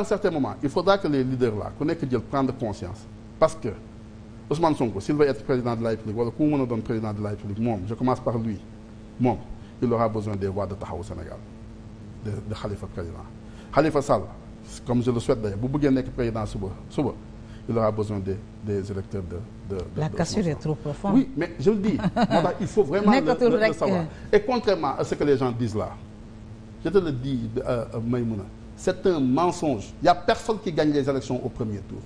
un certain moment il faudra que les leaders là ku nekk jël prendre conscience parce que Ousmane Sonko s'il veut être président de la République a doon président de la République moom je commence par lui moom il aura besoin des voix de Taxawu Sénégal de de Khalifa président Khalifa Sall comme je le souhaite d'ailleurs bu bëggee nekk président suba suba il aura besoin des des électeurs de de de. la cassure est trop profonde. oui mais je le dis. moo tax il faut vraiment le, le, euh. et contrairement à ce que les gens disent là c'est un mensonge il y a personne qui gagne les élections au premier tour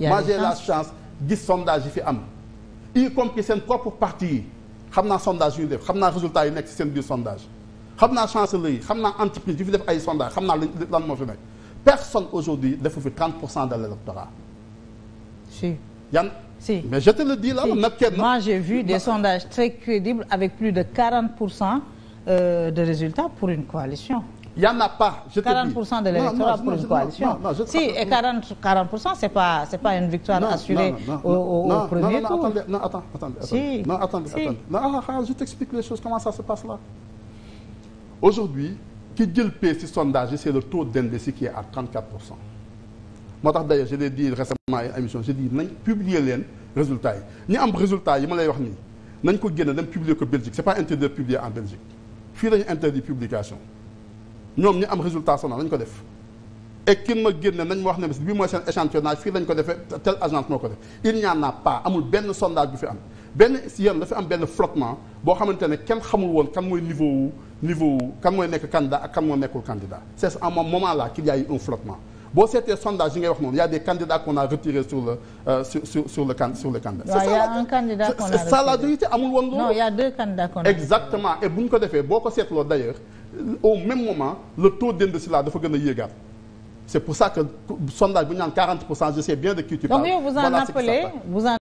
moi la chance gis sondage yi fi am y compris seen propre parti yi xam naa sondage yu def xam naa résultat yi nekk ci seen biir sondage xam naa chancelier yi xam naa entreprise yu fi def ay sondage xam naa lan moo fi nekk personne aujourd'hui defu fi 30 pour cent de l'électorat si yan si mais je te le dis là si. nag kenn moi vu des sondages très crédibles avec plus de 40 pour cent euh, de résultats pour une coalition y en a pas. je te dis 40% de l'électorat pour une coalition. non non je c'est pas c'est pas une victoire assurée. au premier tour non non non attendez attendez. si non attendez attendez non ah, ah, se passe là. aujourd'hui ki jël paie ci sondage yi c'est le tout d'indécis qui est à 34% moo tax d'ailleurs je l'ai dit récemment à une émission j'ai dit nañ publier leen résultats yi ñi am résultats yi ma lay wax nii nañ ko génne dem publier ko Belgique c'est pas interdit de publier en Belgique fii lañu interdit publication. ñoom ñu am résultat sonal nañ ko def et kin ma génne nañ ma wax ne si bi mooy seen échantillonnage fii lañ ko defee telle agence moo ko def il n'y en a pas amul benn sondage bu fi am benn yéen dafa am benn flottement boo xamante ne kenn xamul woon kan mooy niveau wu niveau kan mooy nekk candidat ak kan moo nekkul candidat c'est en ce moment là qu'il y a eu un flottement boo seetee sondage yi ngay wax noonu y a des candidats qu'on a retirés sur le euh, sur sur sur le can sur le candidat. c'est ça la amul woon a deux candidats exactement bu ñu ko defee boo ko seetloo d'ailleurs. au même moment le taux d'indocilla dafa gën a yéegaat c'est pour ça que sondage bu ñu naan 40 pour cent je sais bien de qui tu vous en